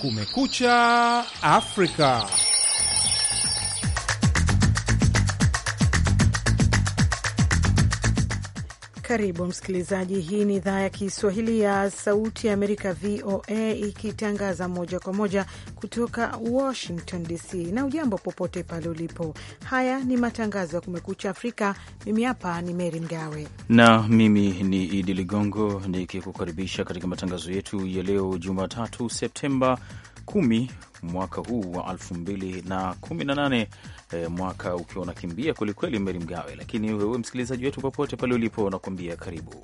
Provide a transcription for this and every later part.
Kumekucha Afrika. Karibu msikilizaji, hii ni idhaa ya Kiswahili ya Sauti ya Amerika, VOA, ikitangaza moja kwa moja kutoka Washington DC. Na ujambo popote pale ulipo. Haya ni matangazo ya Kumekucha Afrika. Mimi hapa ni Meri Mgawe na mimi ni Idi Ligongo nikikukaribisha katika matangazo yetu ya leo Jumatatu Septemba 10 mwaka huu wa 2018 e, mwaka ukiwa unakimbia kwelikweli, Meri Mgawe. Lakini wewe msikilizaji wetu, popote pale ulipo, unakuambia karibu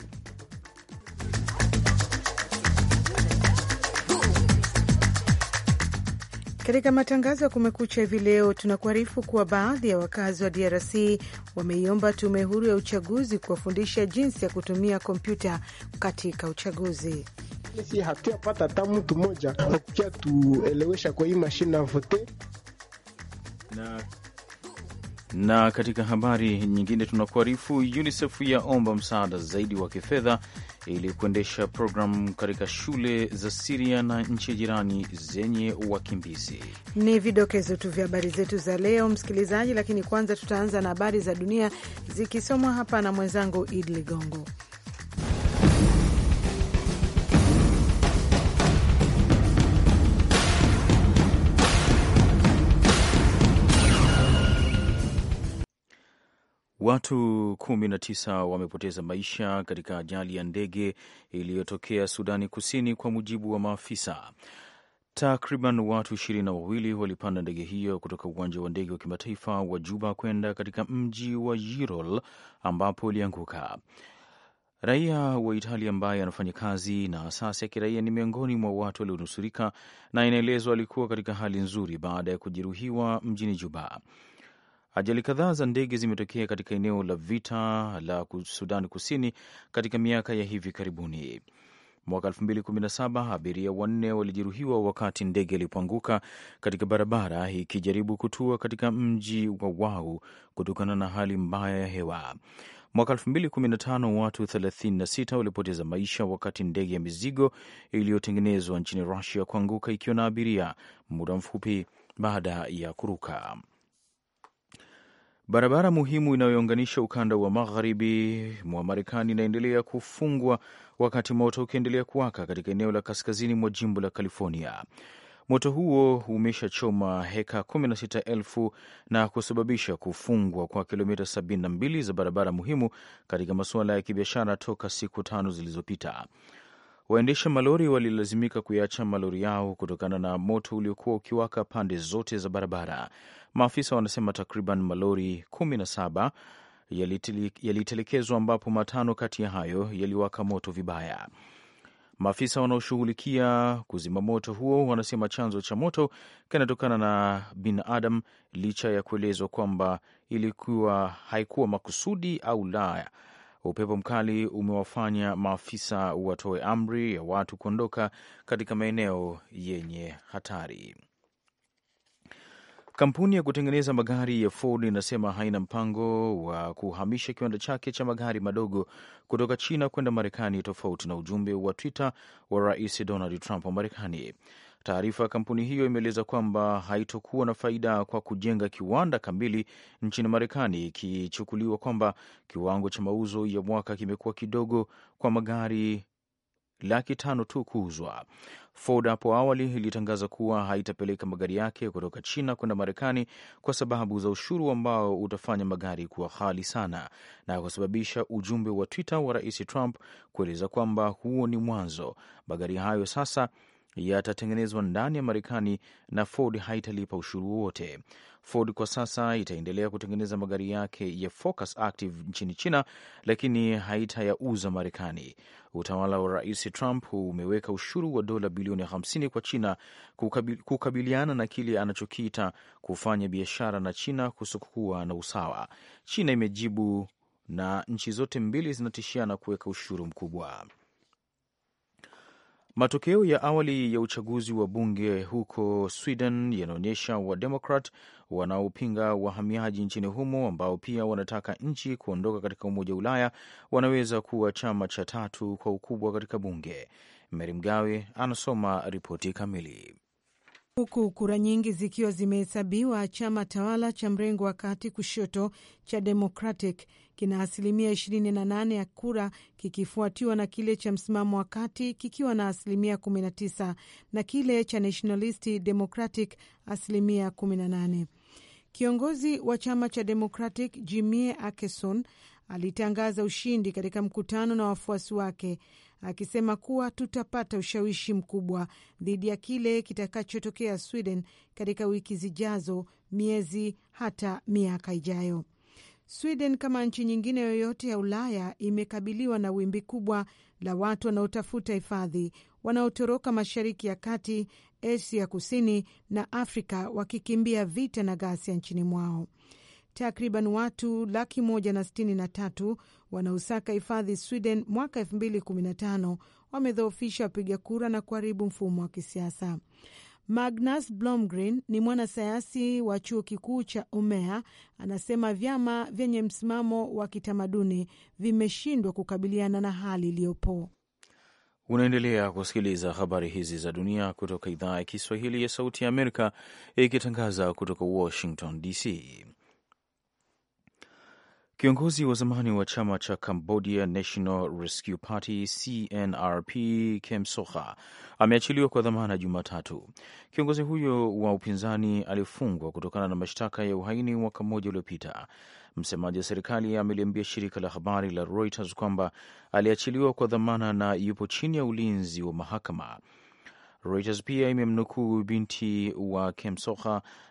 Katika matangazo ya Kumekucha hivi leo tunakuarifu kuwa baadhi ya wakazi wa DRC wameiomba tume huru ya uchaguzi kuwafundisha jinsi ya kutumia kompyuta katika uchaguzi. Si hatuyapata hata mtu mmoja akukia tuelewesha kwa hii mashine avote na na katika habari nyingine tunakuarifu, UNICEF yaomba msaada zaidi wa kifedha ili kuendesha programu katika shule za Siria na nchi jirani zenye wakimbizi. Ni vidokezo tu vya habari zetu za leo, msikilizaji, lakini kwanza tutaanza na habari za dunia zikisomwa hapa na mwenzangu Id Ligongo. Watu 19 wamepoteza maisha katika ajali ya ndege iliyotokea Sudani Kusini, kwa mujibu wa maafisa. Takriban watu ishirini na wawili walipanda ndege hiyo kutoka uwanja wa ndege wa kimataifa wa Juba kwenda katika mji wa Jirol ambapo ilianguka. Raia wa Italia ambaye anafanya kazi na asasi ya kiraia ni miongoni mwa watu walionusurika, na inaelezwa alikuwa katika hali nzuri baada ya kujeruhiwa mjini Juba. Ajali kadhaa za ndege zimetokea katika eneo la vita la Sudan Kusini katika miaka ya hivi karibuni. Mwaka 2017 abiria wanne walijeruhiwa wakati ndege ilipoanguka katika barabara ikijaribu kutua katika mji wa Wau kutokana na hali mbaya ya hewa. Mwaka 2015 watu 36 walipoteza maisha wakati ndege ya mizigo iliyotengenezwa nchini rusia kuanguka ikiwa na abiria muda mfupi baada ya kuruka. Barabara muhimu inayounganisha ukanda wa magharibi mwa Marekani inaendelea kufungwa wakati moto ukiendelea kuwaka katika eneo la kaskazini mwa jimbo la California. Moto huo umeshachoma heka 16,000 na kusababisha kufungwa kwa kilomita 72 za barabara muhimu katika masuala ya kibiashara toka siku tano zilizopita. Waendesha malori walilazimika kuyaacha malori yao kutokana na moto uliokuwa ukiwaka pande zote za barabara. Maafisa wanasema takriban malori kumi na saba yalitelekezwa, ambapo matano kati ya hayo yaliwaka moto vibaya. Maafisa wanaoshughulikia kuzima moto huo wanasema chanzo cha moto kinatokana na binadamu, licha ya kuelezwa kwamba ilikuwa haikuwa makusudi au la, Upepo mkali umewafanya maafisa watoe amri ya watu kuondoka katika maeneo yenye hatari. Kampuni ya kutengeneza magari ya Ford inasema haina mpango wa kuhamisha kiwanda chake cha magari madogo kutoka China kwenda Marekani, tofauti na ujumbe wa Twitter wa Rais Donald Trump wa Marekani. Taarifa ya kampuni hiyo imeeleza kwamba haitokuwa na faida kwa kujenga kiwanda kamili nchini Marekani, ikichukuliwa kwamba kiwango cha mauzo ya mwaka kimekuwa kidogo kwa magari laki tano tu kuuzwa. Ford hapo awali ilitangaza kuwa haitapeleka magari yake kutoka China kwenda Marekani kwa sababu za ushuru ambao utafanya magari kuwa ghali sana na kusababisha ujumbe wa Twitter wa Rais Trump kueleza kwamba huo ni mwanzo. Magari hayo sasa yatatengenezwa ndani ya Marekani na Ford haitalipa ushuru wowote. Ford kwa sasa itaendelea kutengeneza magari yake ya Focus Active nchini China, lakini haitayauza Marekani. Utawala wa Rais Trump umeweka ushuru wa dola bilioni 50 kwa China kukabiliana na kile anachokiita kufanya biashara na China kusokokuwa na usawa. China imejibu na nchi zote mbili zinatishiana kuweka ushuru mkubwa. Matokeo ya awali ya uchaguzi wa bunge huko Sweden yanaonyesha Wademokrat wanaopinga wahamiaji nchini humo ambao pia wanataka nchi kuondoka katika Umoja wa Ulaya wanaweza kuwa chama cha tatu kwa ukubwa katika bunge. Meri Mgawe anasoma ripoti kamili. Huku kura nyingi zikiwa zimehesabiwa, chama tawala cha mrengo wa kati kushoto cha Democratic kina asilimia 28 ya kura kikifuatiwa na kile cha msimamo wa kati kikiwa na asilimia 19 na kile cha Nationalist Democratic asilimia 18. Kiongozi wa chama cha Democratic Jimie Akeson alitangaza ushindi katika mkutano na wafuasi wake akisema kuwa tutapata ushawishi mkubwa dhidi ya kile kitakachotokea Sweden katika wiki zijazo, miezi, hata miaka ijayo. Sweden kama nchi nyingine yoyote ya Ulaya imekabiliwa na wimbi kubwa la watu wanaotafuta hifadhi wanaotoroka Mashariki ya Kati, Asia Kusini na Afrika wakikimbia vita na ghasia nchini mwao. Takriban watu laki moja na sitini na tatu wanaosaka hifadhi Sweden mwaka elfu mbili kumi na tano wamedhoofisha wapiga kura na kuharibu mfumo wa kisiasa. Magnus Blomgren ni mwanasayansi wa chuo kikuu cha Umea, anasema vyama vyenye msimamo wa kitamaduni vimeshindwa kukabiliana na hali iliyopo. Unaendelea kusikiliza habari hizi za dunia kutoka idhaa ya Kiswahili ya Sauti ya Amerika, ikitangaza kutoka Washington DC. Kiongozi wa zamani wa chama cha Cambodia National Rescue Party CNRP Kem Sokha ameachiliwa kwa dhamana Jumatatu. Kiongozi huyo wa upinzani alifungwa kutokana na mashtaka ya uhaini mwaka mmoja uliopita. Msemaji wa serikali ameliambia shirika la habari la Reuters kwamba aliachiliwa kwa dhamana na yupo chini ya ulinzi wa mahakama. Reuters pia imemnukuu binti wa Kem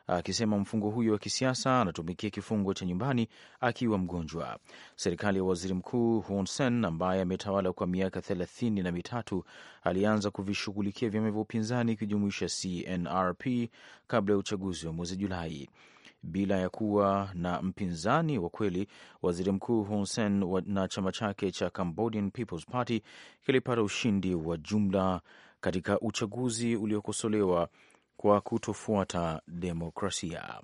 akisema mfungo huyo wa kisiasa anatumikia kifungo cha nyumbani akiwa mgonjwa. Serikali ya waziri mkuu Hun Sen ambaye ametawala kwa miaka thelathini na mitatu alianza kuvishughulikia vyama vya upinzani ikijumuisha CNRP kabla ya uchaguzi wa mwezi Julai. Bila ya kuwa na mpinzani wa kweli, waziri mkuu Hun Sen na chama chake cha Cambodian People's Party kilipata ushindi wa jumla katika uchaguzi uliokosolewa kwa kutofuata demokrasia.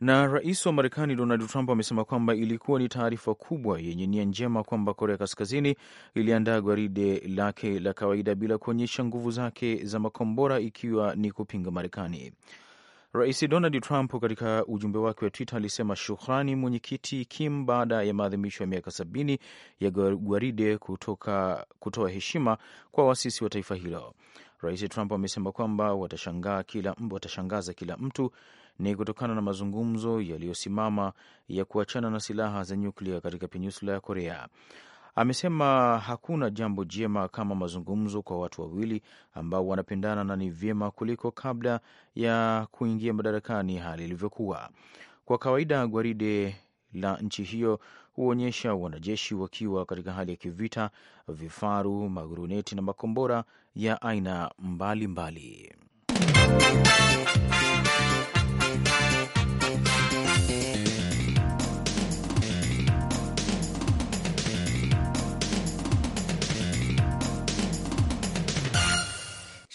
Na rais wa Marekani Donald Trump amesema kwamba ilikuwa ni taarifa kubwa yenye nia njema kwamba Korea Kaskazini iliandaa gwaride lake la kawaida bila kuonyesha nguvu zake za makombora ikiwa ni kupinga Marekani. Rais Donald Trump katika ujumbe wake wa Twitter alisema shukrani mwenyekiti Kim baada ya maadhimisho ya miaka sabini ya gwaride kutoka kutoa heshima kwa waasisi wa taifa hilo. Rais Trump amesema kwamba watashangaa kila, watashangaza kila mtu ni kutokana na mazungumzo yaliyosimama ya kuachana na silaha za nyuklia katika peninsula ya Korea. Amesema hakuna jambo jema kama mazungumzo kwa watu wawili ambao wanapendana na ni vyema kuliko kabla ya kuingia madarakani hali ilivyokuwa. Kwa kawaida gwaride la nchi hiyo huonyesha wanajeshi wakiwa katika hali ya kivita, vifaru, maguruneti na makombora ya aina mbalimbali mbali.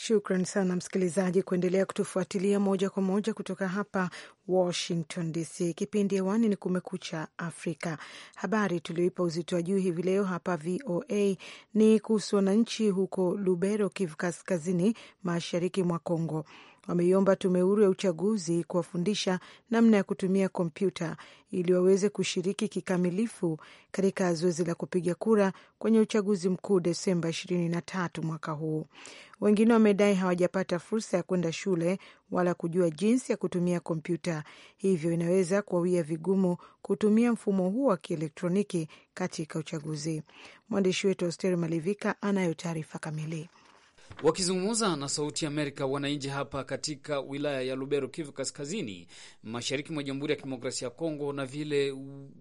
Shukran sana msikilizaji kuendelea kutufuatilia moja kwa moja kutoka hapa Washington DC. Kipindi hewani ni Kumekucha Afrika. Habari tulioipa uzito wa juu hivi leo hapa VOA ni kuhusu wananchi huko Lubero, Kivu Kaskazini, mashariki mwa congo wameiomba tume huru ya uchaguzi kuwafundisha namna ya kutumia kompyuta ili waweze kushiriki kikamilifu katika zoezi la kupiga kura kwenye uchaguzi mkuu Desemba 23 mwaka huu. Wengine wamedai hawajapata fursa ya kwenda shule wala kujua jinsi ya kutumia kompyuta, hivyo inaweza kuwawia vigumu kutumia mfumo huo wa kielektroniki katika uchaguzi. Mwandishi wetu Austeri Malivika anayo taarifa kamili. Wakizungumza na Sauti ya Amerika, wananchi hapa katika wilaya ya Lubero, Kivu Kaskazini, mashariki mwa Jamhuri ya Kidemokrasia ya Kongo na vile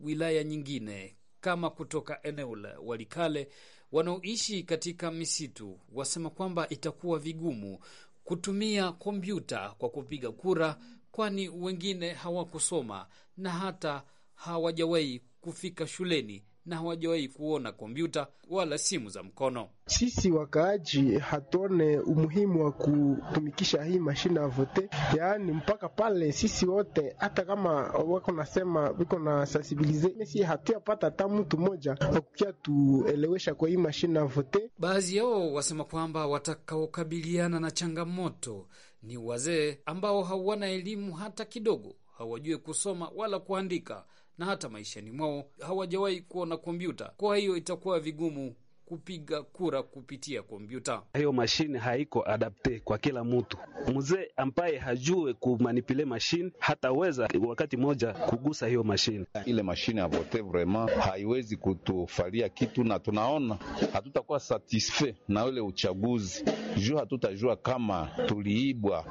wilaya nyingine kama kutoka eneo la Walikale wanaoishi katika misitu wasema kwamba itakuwa vigumu kutumia kompyuta kwa kupiga kura, kwani wengine hawakusoma na hata hawajawahi kufika shuleni na hawajawahi kuona kompyuta wala simu za mkono. Sisi wakaaji hatuone umuhimu wa kutumikisha hii mashine ya vote, yaani mpaka pale sisi wote, hata kama wako nasema viko na sensibilize, si hatuyapata hata mtu mmoja wakukia tuelewesha kwa hii mashine ya vote. Baadhi yao wasema kwamba watakaokabiliana na changamoto ni wazee ambao hawana elimu hata kidogo, hawajue kusoma wala kuandika na hata maishani mwao hawajawahi kuona kompyuta. Kwa hiyo itakuwa vigumu kupiga kura kupitia kompyuta. Hiyo mashine haiko adapte kwa kila mtu. Mzee ambaye hajue kumanipile mashine hataweza wakati moja kugusa hiyo mashine. Ile mashine ya vote vraiment haiwezi kutufalia kitu, na tunaona hatutakuwa satisfait na ule uchaguzi juu hatutajua kama tuliibwa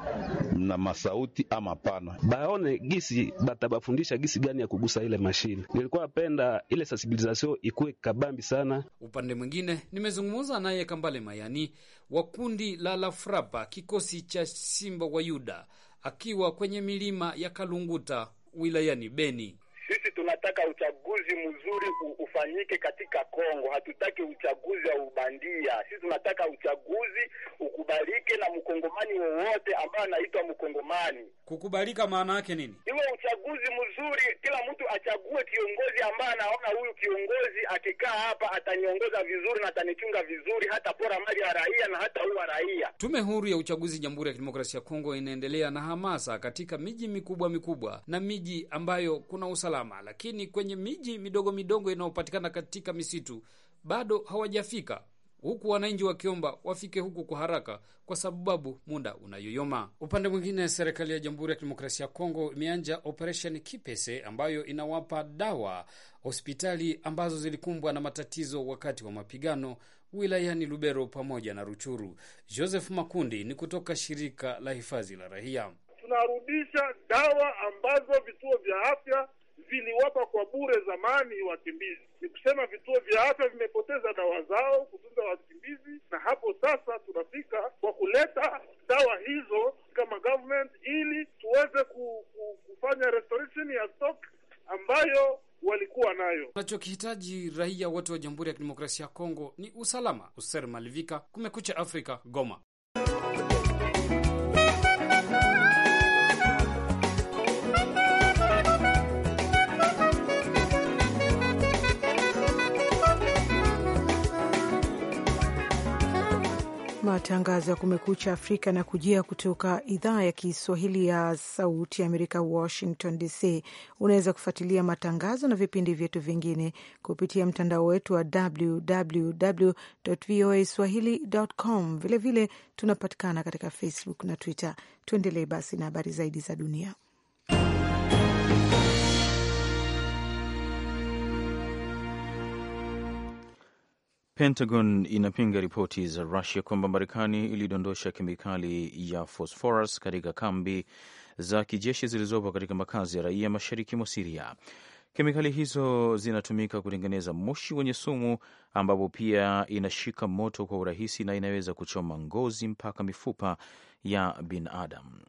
na masauti ama pana. Baone gisi batabafundisha gisi gani ya kugusa ile mashine. Nilikuwa napenda ile sensibilisation ikuwe kabambi sana. Upande mwingine mwingine nimezungumza naye Kambale Mayani wa kundi la Lafrapa, kikosi cha Simba wa Yuda, akiwa kwenye milima ya Kalunguta wilayani Beni. Sisi tunataka uchaguzi mzuri ufanyike katika Kongo. Hatutaki uchaguzi wa ubandia. Sisi tunataka uchaguzi ukubalike na mkongomani wowote ambaye anaitwa mkongomani. Kukubalika maana yake nini? Iwe uchaguzi mzuri, kila mtu achague kiongozi ambaye anaona huyu kiongozi akikaa hapa ataniongoza vizuri na atanichunga vizuri, hata pora mali ya raia na hata uwa raia. Tume huru ya uchaguzi Jamhuri ya Kidemokrasia ya Kongo inaendelea na hamasa katika miji mikubwa mikubwa na miji ambayo kuna usalama, lakini kwenye miji midogo midogo inayopatikana katika misitu bado hawajafika huku wananchi wakiomba wafike huku kwa haraka kwa sababu muda unayoyoma. Upande mwingine, serikali ya Jamhuri ya Kidemokrasia ya Kongo imeanja operesheni Kipese ambayo inawapa dawa hospitali ambazo zilikumbwa na matatizo wakati wa mapigano wilayani Lubero pamoja na Ruchuru. Joseph Makundi ni kutoka shirika la hifadhi la rahia Tunarudisha dawa ambazo vituo vya afya viliwapa kwa bure zamani wakimbizi. Ni kusema vituo vya afya vimepoteza dawa zao kutunza wakimbizi, na hapo sasa tunafika kwa kuleta dawa hizo kama government, ili tuweze ku, ku, kufanya restoration ya stock ambayo walikuwa nayo. Tunachokihitaji raia wote wa Jamhuri ya Kidemokrasia ya Kongo ni usalama. User Malivika, Kumekucha Afrika, Goma. matangazo ya Kumekucha Afrika na kujia kutoka idhaa ya Kiswahili ya Sauti ya Amerika, Washington DC. Unaweza kufuatilia matangazo na vipindi vyetu vingine kupitia mtandao wetu wa www voa swahili.com. Vilevile tunapatikana katika Facebook na Twitter. Tuendelee basi na habari zaidi za dunia. Pentagon inapinga ripoti za Rusia kwamba Marekani ilidondosha kemikali ya phosphorus katika kambi za kijeshi zilizopo katika makazi ya raia mashariki mwa Siria. Kemikali hizo zinatumika kutengeneza moshi wenye sumu, ambapo pia inashika moto kwa urahisi na inaweza kuchoma ngozi mpaka mifupa ya binadamu.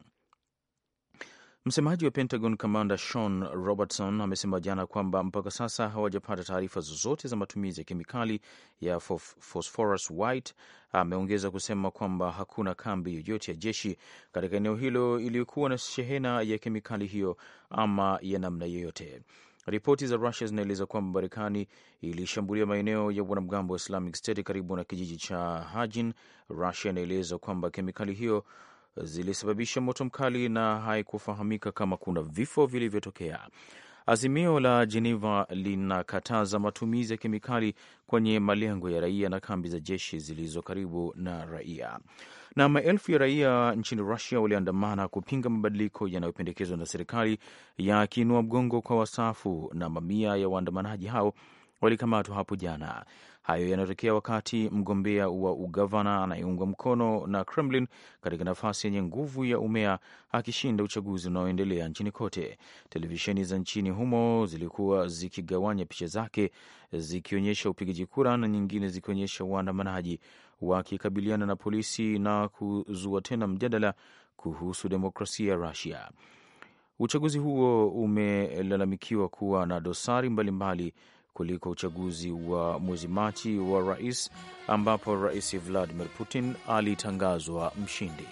Msemaji wa Pentagon kamanda Sean Robertson amesema jana kwamba mpaka sasa hawajapata taarifa zozote za matumizi ya kemikali ya phosphorus white. Ameongeza kusema kwamba hakuna kambi yoyote ya jeshi katika eneo hilo iliyokuwa na shehena ya kemikali hiyo ama ya namna yoyote. Ripoti za Rusia zinaeleza kwamba Marekani ilishambulia maeneo ya wanamgambo wa Islamic State karibu na kijiji cha Hajin. Rusia inaeleza kwamba kemikali hiyo zilisababisha moto mkali na haikufahamika kama kuna vifo vilivyotokea. Azimio la jeneva linakataza matumizi ya kemikali kwenye malengo ya raia na kambi za jeshi zilizo karibu na raia. Na maelfu ya raia nchini Rusia waliandamana kupinga mabadiliko yanayopendekezwa na serikali ya kiinua mgongo kwa wastaafu, na mamia ya waandamanaji hao walikamatwa hapo jana. Hayo yanatokea wakati mgombea wa ugavana anayeungwa mkono na Kremlin katika nafasi yenye nguvu ya umea akishinda uchaguzi unaoendelea nchini kote. Televisheni za nchini humo zilikuwa zikigawanya picha zake zikionyesha upigaji kura na nyingine zikionyesha waandamanaji wakikabiliana na polisi na kuzua tena mjadala kuhusu demokrasia ya Rusia. Uchaguzi huo umelalamikiwa kuwa na dosari mbalimbali mbali kuliko uchaguzi wa mwezi Machi wa rais ambapo rais Vladimir Putin alitangazwa mshindi.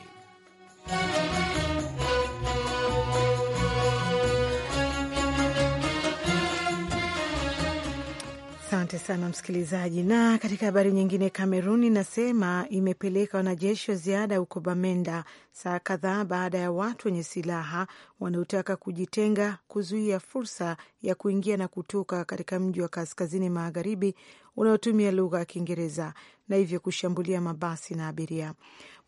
Asante sana msikilizaji. Na katika habari nyingine, Kamerun inasema imepeleka wanajeshi wa ziada huko Bamenda saa kadhaa baada ya watu wenye silaha wanaotaka kujitenga kuzuia fursa ya kuingia na kutoka katika mji wa kaskazini magharibi unaotumia lugha ya Kiingereza na hivyo kushambulia mabasi na abiria.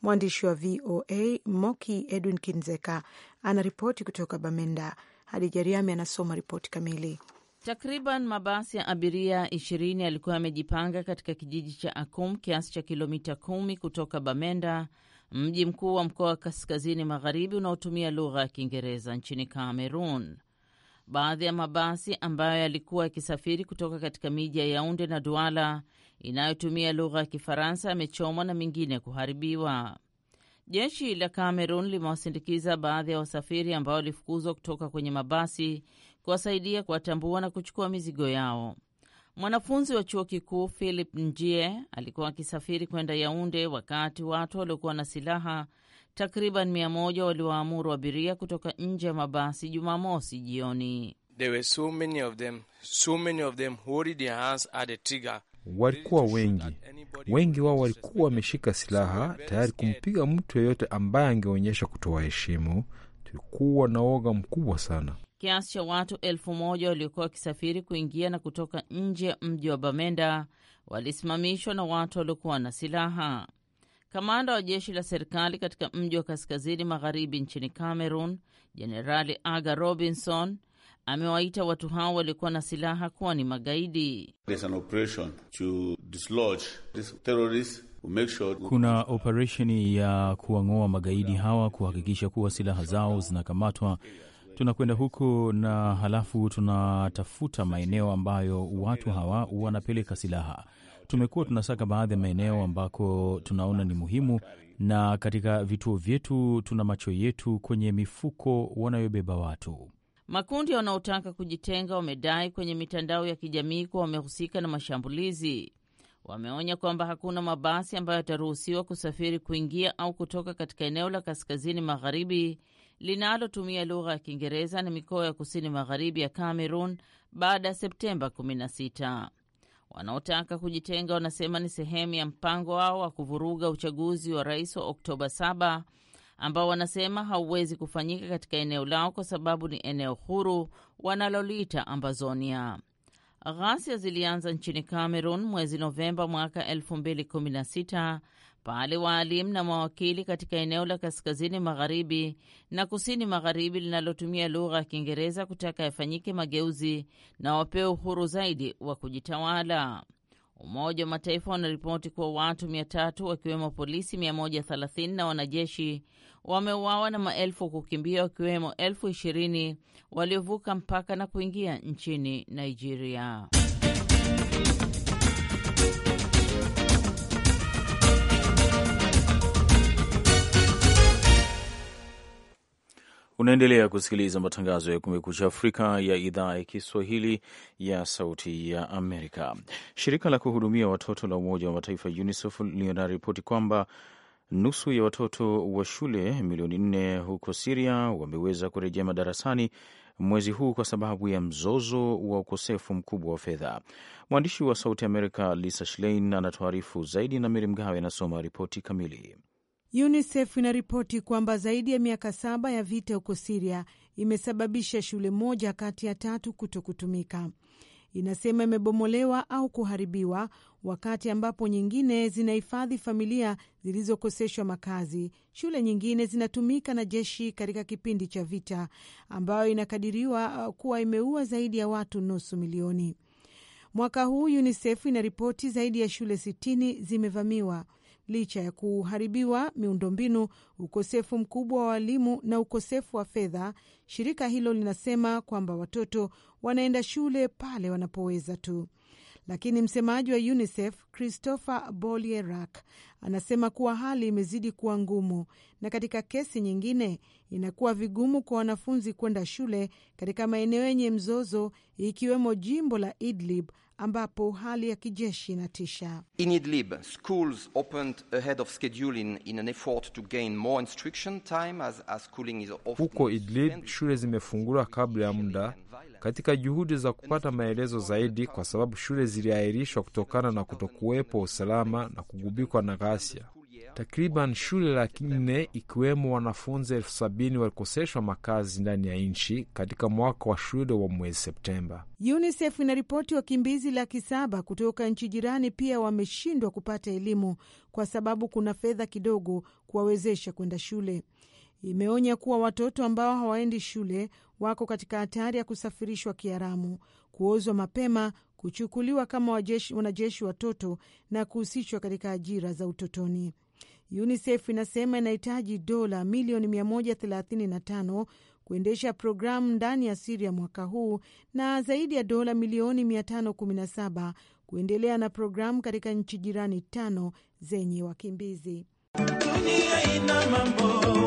Mwandishi wa VOA Moki Edwin Kinzeka anaripoti kutoka Bamenda. Hadi Riami anasoma ripoti kamili. Takriban mabasi ya abiria 20 yalikuwa yamejipanga katika kijiji cha Akum kiasi cha kilomita kumi kutoka Bamenda, mji mkuu wa mkoa wa kaskazini magharibi unaotumia lugha ya Kiingereza nchini Kamerun. Baadhi ya mabasi ambayo yalikuwa yakisafiri kutoka katika miji ya Yaunde na Duala inayotumia lugha ya Kifaransa yamechomwa na mingine kuharibiwa. Jeshi la Kamerun limewasindikiza baadhi ya wasafiri ambao walifukuzwa kutoka kwenye mabasi kuwasaidia kuwatambua na kuchukua mizigo yao. Mwanafunzi wa chuo kikuu Philip Njie alikuwa akisafiri kwenda Yaunde wakati watu waliokuwa na silaha takriban mia moja waliwaamuru abiria kutoka nje ya mabasi Jumamosi jioni. Walikuwa wengi, wengi wao walikuwa wameshika silaha tayari kumpiga mtu yeyote ambaye angeonyesha kutoa heshimu. Tulikuwa na woga mkubwa sana kiasi cha watu elfu moja waliokuwa wakisafiri kuingia na kutoka nje ya mji wa Bamenda walisimamishwa na watu waliokuwa na silaha. Kamanda wa jeshi la serikali katika mji wa kaskazini magharibi nchini Cameroon, Jenerali Aga Robinson amewaita watu hao waliokuwa na silaha kuwa ni magaidi. Kuna operesheni ya kuwang'oa magaidi hawa, kuhakikisha kuwa silaha zao zinakamatwa tunakwenda huko na halafu tunatafuta maeneo ambayo watu hawa wanapeleka silaha. Tumekuwa tunasaka baadhi ya maeneo ambako tunaona ni muhimu, na katika vituo vyetu tuna macho yetu kwenye mifuko wanayobeba watu. Makundi wanaotaka kujitenga wamedai kwenye mitandao ya kijamii kuwa wamehusika na mashambulizi. Wameonya kwamba hakuna mabasi ambayo yataruhusiwa kusafiri kuingia au kutoka katika eneo la kaskazini magharibi linalotumia lugha ya Kiingereza na mikoa ya kusini magharibi ya Cameroon baada ya Septemba 16. Wanaotaka kujitenga wanasema ni sehemu ya mpango wao wa kuvuruga uchaguzi wa rais wa Oktoba 7 ambao wanasema hauwezi kufanyika katika eneo lao kwa sababu ni eneo huru wanaloliita Ambazonia. Ghasia zilianza nchini Cameroon mwezi Novemba mwaka 2016 pale waalimu na mawakili katika eneo la kaskazini magharibi na kusini magharibi linalotumia lugha ya Kiingereza kutaka yafanyike mageuzi na wapewe uhuru zaidi wa kujitawala. Umoja wa Mataifa wanaripoti kuwa watu 3 wakiwemo polisi 130 na wanajeshi wameuawa na maelfu kukimbia, wakiwemo elfu ishirini waliovuka mpaka na kuingia nchini Nigeria. Unaendelea kusikiliza matangazo ya Kumekucha Afrika ya idhaa ya Kiswahili ya Sauti ya Amerika. Shirika la kuhudumia watoto la Umoja wa Mataifa UNICEF linaripoti kwamba nusu ya watoto wa shule milioni nne huko Siria wameweza kurejea madarasani mwezi huu kwa sababu ya mzozo wa ukosefu mkubwa wa fedha. Mwandishi wa Sauti Amerika Lisa Schlein anatuarifu zaidi, na Meri Mgawe anasoma ripoti kamili. UNICEF inaripoti kwamba zaidi ya miaka saba ya vita huko Siria imesababisha shule moja kati ya tatu kuto kutumika. Inasema imebomolewa au kuharibiwa, wakati ambapo nyingine zinahifadhi familia zilizokoseshwa makazi. Shule nyingine zinatumika na jeshi katika kipindi cha vita, ambayo inakadiriwa uh, kuwa imeua zaidi ya watu nusu milioni. Mwaka huu UNICEF inaripoti zaidi ya shule sitini zimevamiwa licha ya kuharibiwa miundombinu, ukosefu mkubwa wa walimu na ukosefu wa fedha. Shirika hilo linasema kwamba watoto wanaenda shule pale wanapoweza tu, lakini msemaji wa UNICEF Christopher Bolierak anasema kuwa hali imezidi kuwa ngumu, na katika kesi nyingine inakuwa vigumu kwa wanafunzi kwenda shule katika maeneo yenye mzozo, ikiwemo jimbo la Idlib ambapo hali ya kijeshi inatisha. In Idlib, schools opened ahead of schedule in, in an effort to gain more instruction time as, as schooling is often... Huko Idlib shule zimefunguliwa kabla ya muda katika juhudi za kupata maelezo zaidi, kwa sababu shule ziliahirishwa kutokana na kutokuwepo usalama na kugubikwa na ghasia. Takriban shule laki nne ikiwemo wanafunzi elfu sabini walikoseshwa makazi ndani ya nchi katika mwaka wa shule wa mwezi Septemba. UNICEF inaripoti wakimbizi laki saba kutoka nchi jirani pia wameshindwa kupata elimu kwa sababu kuna fedha kidogo kuwawezesha kwenda shule. Imeonya kuwa watoto ambao hawaendi shule wako katika hatari ya kusafirishwa kiharamu, kuozwa mapema, kuchukuliwa kama wanajeshi watoto na kuhusishwa katika ajira za utotoni. UNICEF inasema inahitaji dola milioni 135 kuendesha programu ndani ya Siria mwaka huu na zaidi ya dola milioni 517 kuendelea na programu katika nchi jirani tano zenye wakimbizi. Dunia ina mambo,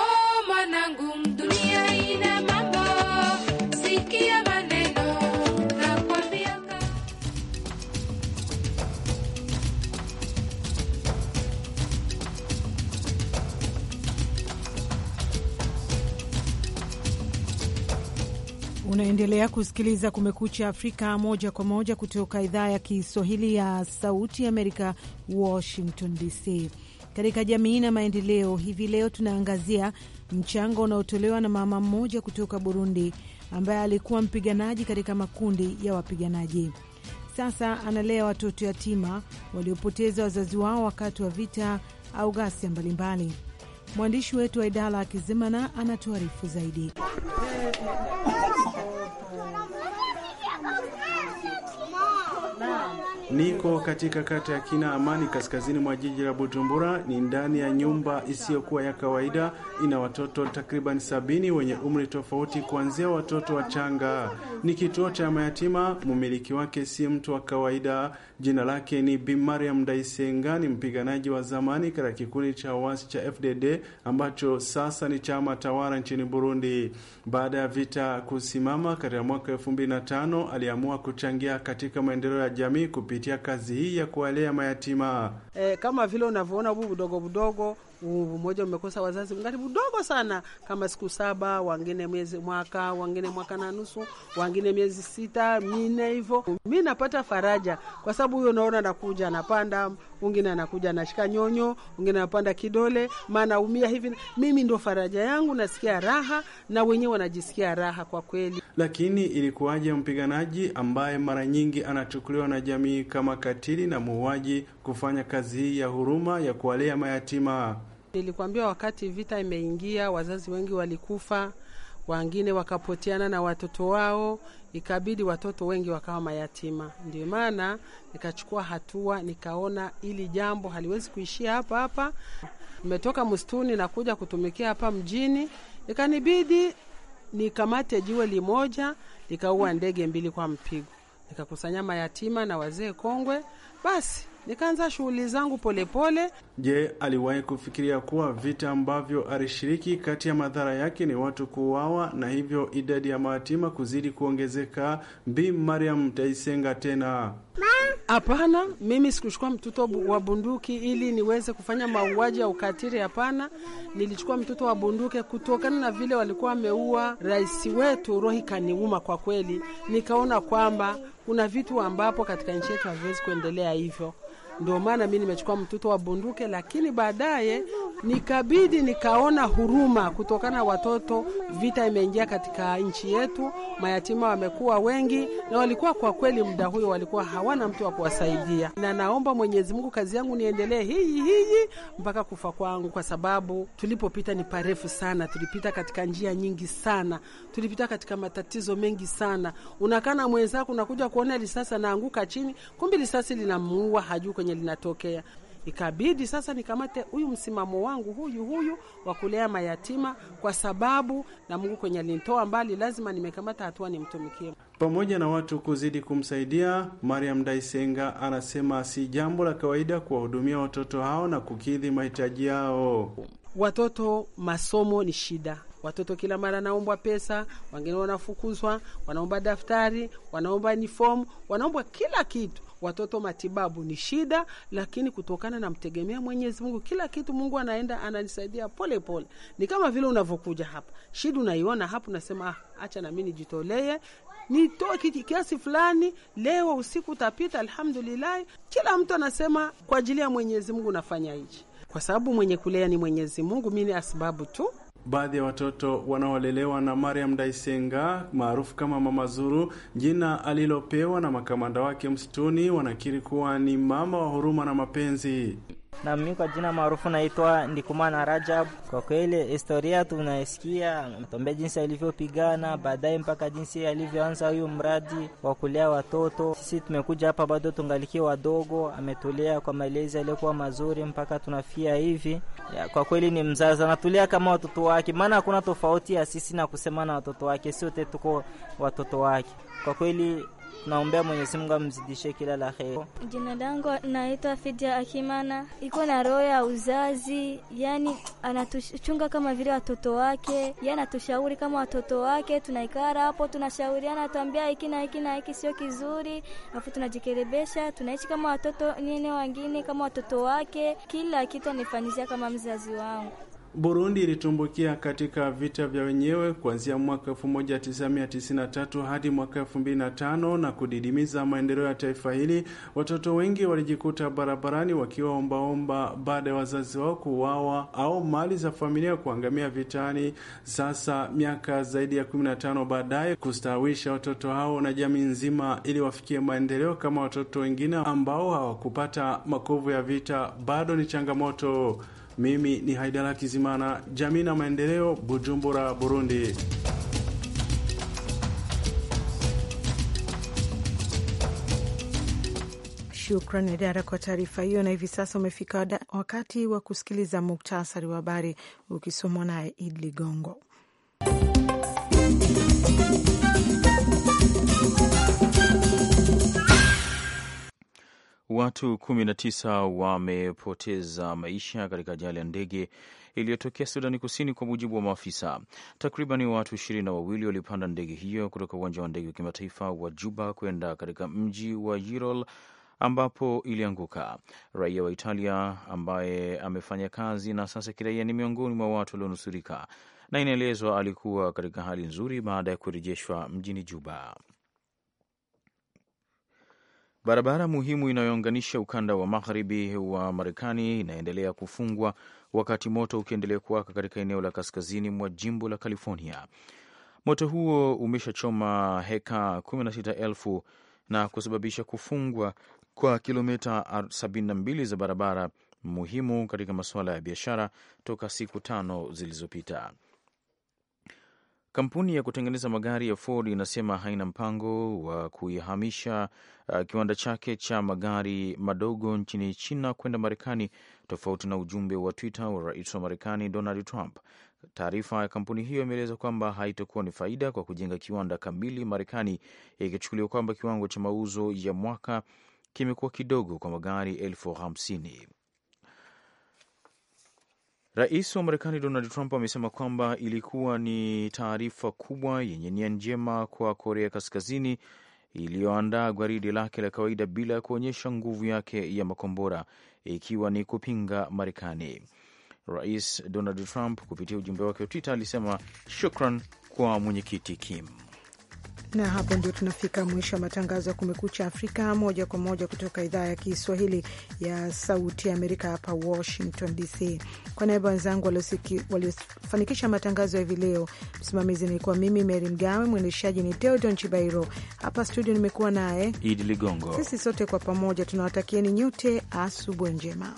Unaendelea kusikiliza Kumekucha Afrika moja kwa moja kutoka idhaa ya Kiswahili ya Sauti Amerika, Washington DC. Katika jamii na maendeleo, hivi leo tunaangazia mchango unaotolewa na mama mmoja kutoka Burundi ambaye alikuwa mpiganaji katika makundi ya wapiganaji. Sasa analea watoto yatima waliopoteza wazazi wao wakati wa vita au ghasia mbalimbali. Mwandishi wetu wa idara ya Kizimana anatuarifu zaidi. Niko katika kata ya Kina Amani, kaskazini mwa jiji la Bujumbura. Ni ndani ya nyumba isiyokuwa ya kawaida, ina watoto takriban sabini wenye umri tofauti, kuanzia watoto wachanga. Ni kituo cha mayatima. mumiliki wake si mtu wa kawaida. Jina lake ni Bi Mariam Daisenga, ni mpiganaji wa zamani katika kikundi cha wasi cha FDD ambacho sasa ni chama tawala nchini Burundi. Baada ya vita kusimama katika mwaka elfu mbili na tano aliamua kuchangia katika maendeleo ya jamii kupitia kupitia kazi hii ya kuwalea mayatima. E, kama vile unavyoona huu budogo budogo umoja umekosa wazazi ngati budogo sana, kama siku saba, wangine mwezi mwaka, wangine mwaka na nusu, wangine miezi sita mine hivyo. Mi napata faraja kwa sababu huyo, unaona nakuja napanda wengine anakuja anashika nyonyo, wengine anapanda kidole, maana umia hivi. Mimi ndo faraja yangu, nasikia raha na wenyewe wanajisikia raha kwa kweli. Lakini ilikuwaje mpiganaji ambaye mara nyingi anachukuliwa na jamii kama katili na muuaji kufanya kazi hii ya huruma ya kuwalea mayatima? Nilikuambia wakati vita imeingia, wazazi wengi walikufa wengine wakapoteana na watoto wao, ikabidi watoto wengi wakawa mayatima. Ndio maana nikachukua hatua, nikaona ili jambo haliwezi kuishia hapa hapa. Nimetoka msituni na kuja kutumikia hapa mjini, ikanibidi nikamate jiwe limoja likaua ndege mbili kwa mpigo, nikakusanya mayatima na wazee kongwe, basi nikaanza shughuli zangu polepole. Je, aliwahi kufikiria kuwa vita ambavyo alishiriki kati ya madhara yake ni watu kuuawa na hivyo idadi ya mayatima kuzidi kuongezeka? Bi Mariam Taisenga tena Mama. Hapana, mimi sikuchukua mtoto wa bunduki ili niweze kufanya mauaji ya ukatili. Hapana, nilichukua mtoto wa bunduki kutokana na vile walikuwa wameua rais wetu. Roho ikaniuma kwa kweli, nikaona kwamba kuna vitu ambapo katika nchi yetu haviwezi kuendelea hivyo ndio maana mi nimechukua mtoto wa bunduke, lakini baadaye nikabidi nikaona huruma kutokana watoto. Vita imeingia katika nchi yetu, mayatima wamekuwa wengi, na walikuwa kwa kweli, muda huyo walikuwa hawana mtu wa kuwasaidia, na naomba Mwenyezi Mungu kazi yangu niendelee hii hii mpaka kufa kwangu, kwa sababu tulipopita ni parefu sana. Tulipita katika njia nyingi sana, tulipita katika matatizo mengi sana. Unakana mwenzako, unakuja kuona risasi, anaanguka chini, kumbe risasi linamuua, hajui kwenye lenye linatokea. Ikabidi sasa nikamate huyu msimamo wangu huyu huyu wa kulea mayatima, kwa sababu na Mungu kwenye alinitoa mbali, lazima nimekamata hatua nimtumikie. Pamoja na watu kuzidi kumsaidia, Mariam Daisenga anasema si jambo la kawaida kuwahudumia watoto hao na kukidhi mahitaji yao. Watoto masomo ni shida. Watoto kila mara naombwa pesa, wengine wanafukuzwa, wanaomba daftari, wanaomba uniform, wanaomba kila kitu watoto matibabu ni shida, lakini kutokana na mtegemea Mwenyezi Mungu kila kitu Mungu anaenda ananisaidia pole pole. Ni kama vile unavyokuja hapa, shida unaiona hapa, unasema ah, acha na mimi nijitolee nitoe kiasi fulani, leo usiku utapita, alhamdulillah. Kila mtu anasema kwa ajili ya Mwenyezi Mungu nafanya hichi, kwa sababu mwenye kulea ni Mwenyezi Mungu, mimi ni asbabu tu baadhi ya watoto wanaolelewa na Mariam Daisenga maarufu kama Mama Zuru, jina alilopewa na makamanda wake msituni, wanakiri kuwa ni mama wa huruma na mapenzi. Na mimi kwa jina maarufu naitwa Ndikumana Rajab. Kwa kweli historia tunaisikia Mtombe jinsi alivyopigana baadaye mpaka jinsi alivyoanza huyu mradi wa kulea watoto. Sisi tumekuja hapa bado tungalikiwa wadogo, ametulea kwa malezi aliyokuwa mazuri mpaka tunafia hivi. Ya, kwa kweli ni mzazi anatulia kama watoto wake, maana hakuna tofauti ya sisi na kusema na watoto wake, sote tuko watoto wake kwa kweli Naombea Mwenyezi Mungu amzidishie kila la heri. Jina langu naitwa Fidia Akimana, iko na roho ya uzazi, yani anatuchunga kama vile watoto wake, yeye anatushauri kama watoto wake. Tunaikara hapo tunashauriana, atuambia hiki na hiki na hiki sio kizuri, afu tunajikerebesha, tunaishi kama watoto nene wengine, kama watoto wake. Kila kitu anifanyizia kama mzazi wangu. Burundi ilitumbukia katika vita vya wenyewe kuanzia mwaka 1993 hadi mwaka 2005 na kudidimiza maendeleo ya taifa hili. Watoto wengi walijikuta barabarani wakiwa ombaomba baada ya wazazi wao kuuawa au mali za familia kuangamia vitani. Sasa miaka zaidi ya 15 baadaye, kustawisha watoto hao na jamii nzima ili wafikie maendeleo kama watoto wengine ambao hawakupata makovu ya vita bado ni changamoto. Mimi ni Haidara Kizimana, jamii na maendeleo, Bujumbura, Burundi. Shukran Idara kwa taarifa hiyo. Na hivi sasa umefika wakati wa kusikiliza muktasari wa habari ukisomwa naye Id Ligongo. Watu 19 wamepoteza maisha katika ajali ya ndege iliyotokea Sudani Kusini, kwa mujibu wa maafisa. Takriban watu ishirini na wawili walipanda ndege hiyo kutoka uwanja wa ndege wa kimataifa wa Juba kwenda katika mji wa yirol ambapo ilianguka. Raia wa Italia ambaye amefanya kazi na sasa kiraia ni miongoni mwa watu walionusurika, na inaelezwa alikuwa katika hali nzuri baada ya kurejeshwa mjini Juba. Barabara muhimu inayounganisha ukanda wa magharibi wa Marekani inaendelea kufungwa wakati moto ukiendelea kuwaka katika eneo la kaskazini mwa jimbo la California. Moto huo umeshachoma heka 16,000 na kusababisha kufungwa kwa kilomita 72 za barabara muhimu katika masuala ya biashara toka siku tano zilizopita. Kampuni ya kutengeneza magari ya Ford inasema haina mpango wa kuihamisha uh, kiwanda chake cha magari madogo nchini China kwenda Marekani, tofauti na ujumbe wa Twitter wa rais wa Marekani Donald Trump. Taarifa ya kampuni hiyo imeeleza kwamba haitakuwa ni faida kwa kujenga kiwanda kamili Marekani, ikichukuliwa kwamba kiwango cha mauzo ya mwaka kimekuwa kidogo kwa magari elfu hamsini. Rais wa Marekani Donald Trump amesema kwamba ilikuwa ni taarifa kubwa yenye nia njema kwa Korea Kaskazini iliyoandaa gwaridi lake la kawaida bila ya kuonyesha nguvu yake ya makombora ikiwa ni kupinga Marekani. Rais Donald Trump kupitia ujumbe wake wa Twitter alisema shukran kwa mwenyekiti Kim. Na hapo ndio tunafika mwisho wa matangazo ya Kumekucha Afrika moja kwa moja kutoka idhaa ya Kiswahili ya Sauti ya Amerika hapa Washington DC. Kwa niaba wenzangu waliofanikisha matangazo ya hivi leo, msimamizi nilikuwa mimi Mary Mgawe, mwendeshaji ni Teodon Chibairo, hapa studio nimekuwa naye Idi Ligongo. Sisi sote kwa pamoja tunawatakieni nyote asubuhi njema.